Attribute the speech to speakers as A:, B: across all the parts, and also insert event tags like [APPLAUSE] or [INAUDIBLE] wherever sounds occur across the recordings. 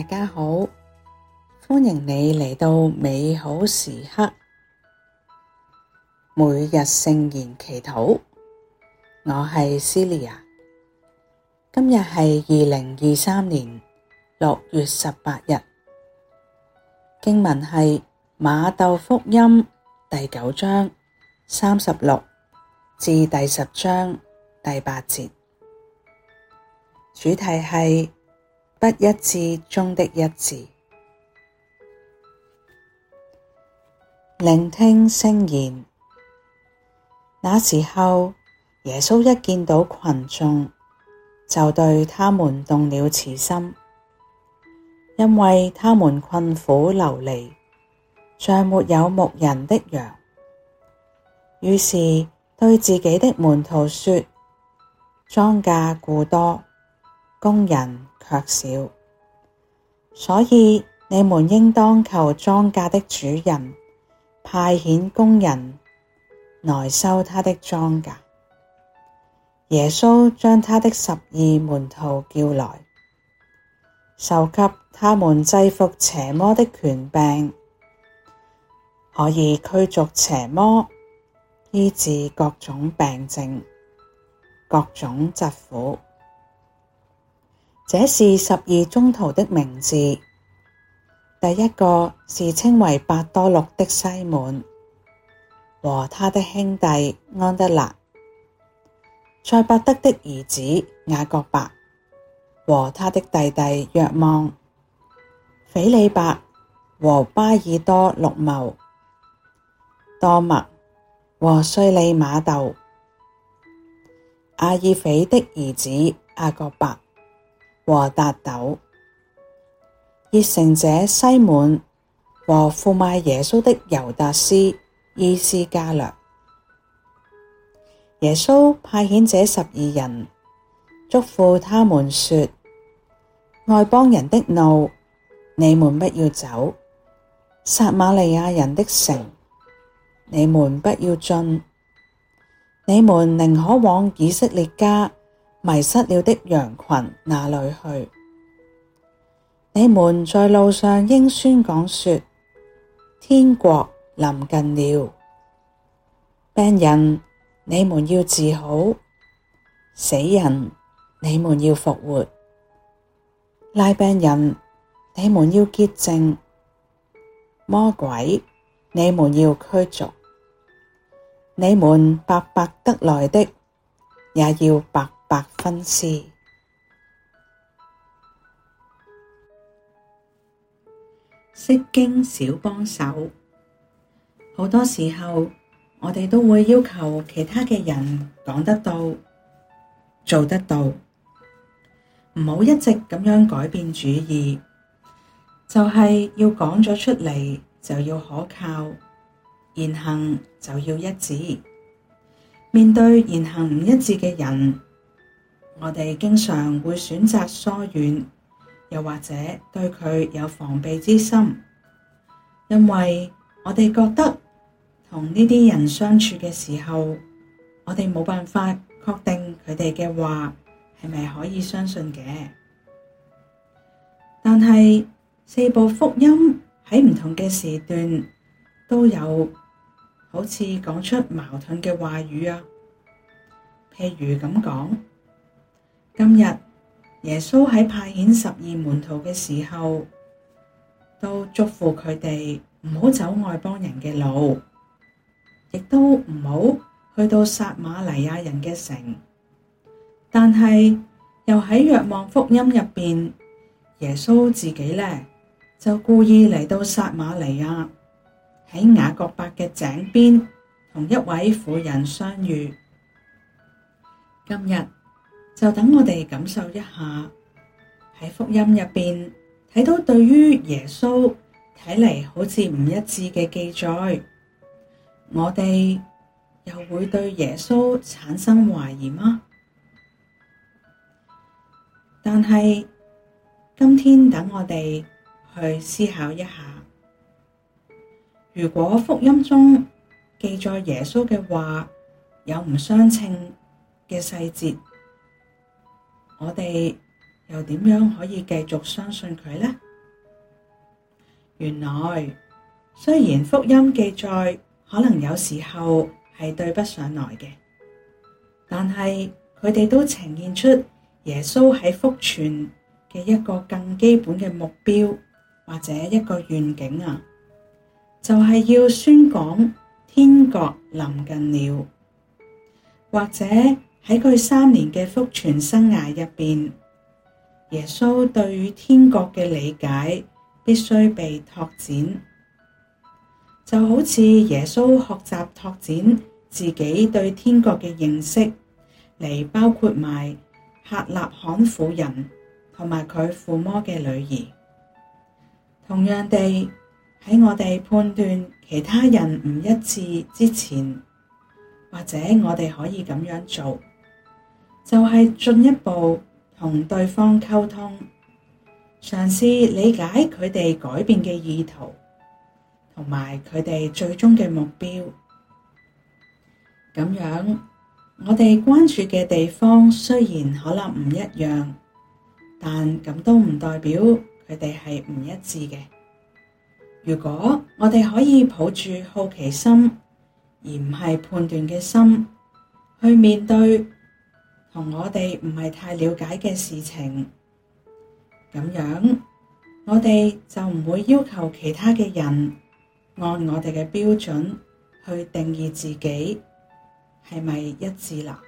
A: 大家好，歡迎你嚟到美好時刻每日聖言祈禱。我係 Celia，今日係二零二三年六月十八日，經文係馬竇福音第九章三十六至第十章第八節，主題係。不一致中的一致，聆聽聖言。那時候，耶穌一見到群眾，就對他們動了慈心，因為他們困苦流離，像沒有牧人的羊。於是對自己的門徒說：莊稼固多。工人卻少，所以你們應當求莊稼的主人派遣工人來收他的莊稼。耶穌將他的十二門徒叫來，授給他們制伏邪魔的權柄，可以驅逐邪魔，醫治各種病症，各種疾苦。這是十二宗徒的名字。第一個是稱為伯多祿的西滿和他的兄弟安德肋，載伯德的兒子雅各伯，和他的弟弟若望，斐理伯和巴爾多祿茂，多默和稅吏瑪竇，阿耳斐的兒子雅各伯。和達陡熱誠者西滿和負賣耶穌的猶達斯依斯加略，耶穌派遣這十二人，囑咐他們說：外邦人的路，你們不要走；撒瑪黎雅人的城，你們不要進；你們寧可往以色列家。迷失了的羊群那裏去。你們在路上應宣講說：天國臨近了。病人，你們要治好；死人，你們要復活；癩病人，你們要潔淨；魔鬼，你們要驅逐。你們白白得來的，也要白。百分之，釋經小幫手，好多時候我哋都會要求其他嘅人講得到，做得到，唔好一直咁樣改變主意，就係要講咗出嚟，就要可靠，言行就要一致。面對言行唔一致嘅人，我哋經常會選擇疏遠，又或者對佢有防備之心，因為我哋覺得同呢啲人相處嘅時候，我哋冇辦法確定佢哋嘅話係咪可以相信嘅。但係四部福音喺唔同嘅時段都有好似講出矛盾嘅話語啊，譬如咁講。今日耶穌喺派遣十二門徒嘅時候，都囑咐佢哋唔好走外邦人嘅路，亦都唔好去到撒瑪黎雅人嘅城。但係又喺若望福音入邊，耶穌自己咧就故意嚟到撒瑪黎雅，喺雅各伯嘅井邊同一位婦人相遇。今日。就等我哋感受一下喺福音入邊睇到對於耶穌睇嚟，好似唔一致嘅記載，我哋又會對耶穌產生懷疑嗎？但係今天等我哋去思考一下，如果福音中記載耶穌嘅話有唔相稱嘅細節。我哋又點樣可以繼續相信佢咧？原來雖然福音記載可能有時候係對不上來嘅，但係佢哋都呈現出耶穌喺福傳嘅一個更基本嘅目標或者一個願景啊，就係要宣講天國臨近了，或者。喺佢三年嘅福傳生涯入邊，耶穌對於天國嘅理解必須被拓展，就好似耶穌學習拓展自己對天國嘅認識，嚟包括埋客納罕婦人同埋佢附魔嘅女兒。同樣地，喺我哋判斷其他人唔一致之前，或者我哋可以咁樣做。就係進一步同對方溝通，嘗試理解佢哋改變嘅意圖，同埋佢哋最終嘅目標。咁樣，我哋關注嘅地方雖然可能唔一樣，但咁都唔代表佢哋係唔一致嘅。如果我哋可以抱住好奇心，而唔係判斷嘅心，去面對。同我哋唔係太了解嘅事情，咁樣我哋就唔會要求其他嘅人按我哋嘅標準去定義自己係咪一致啦。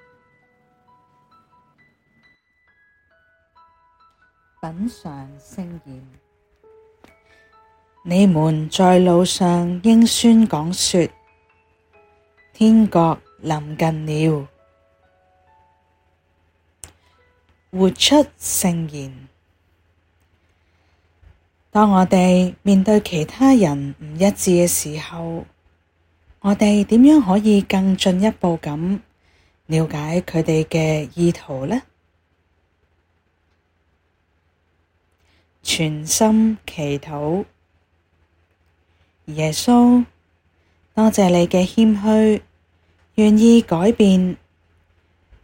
A: 品嚐聖言，你們在路上應宣講說，天國臨近了。活出聖言。當我哋面對其他人唔一致嘅時候，我哋點樣可以更進一步咁了解佢哋嘅意圖呢？全心祈禱。耶穌，多謝祢嘅謙虛，願意改變，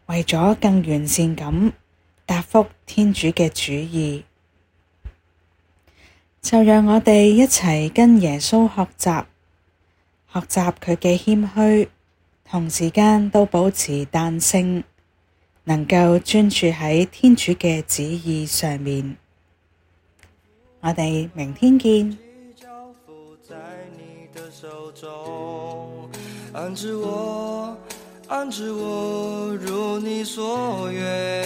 A: 為咗更完善咁。答覆天主嘅主意，就讓我哋一齊跟耶穌學習，學習佢嘅謙虛，同時間都保持彈性，能夠專注喺天主嘅旨意上面。我哋明天見。 [MUSIC]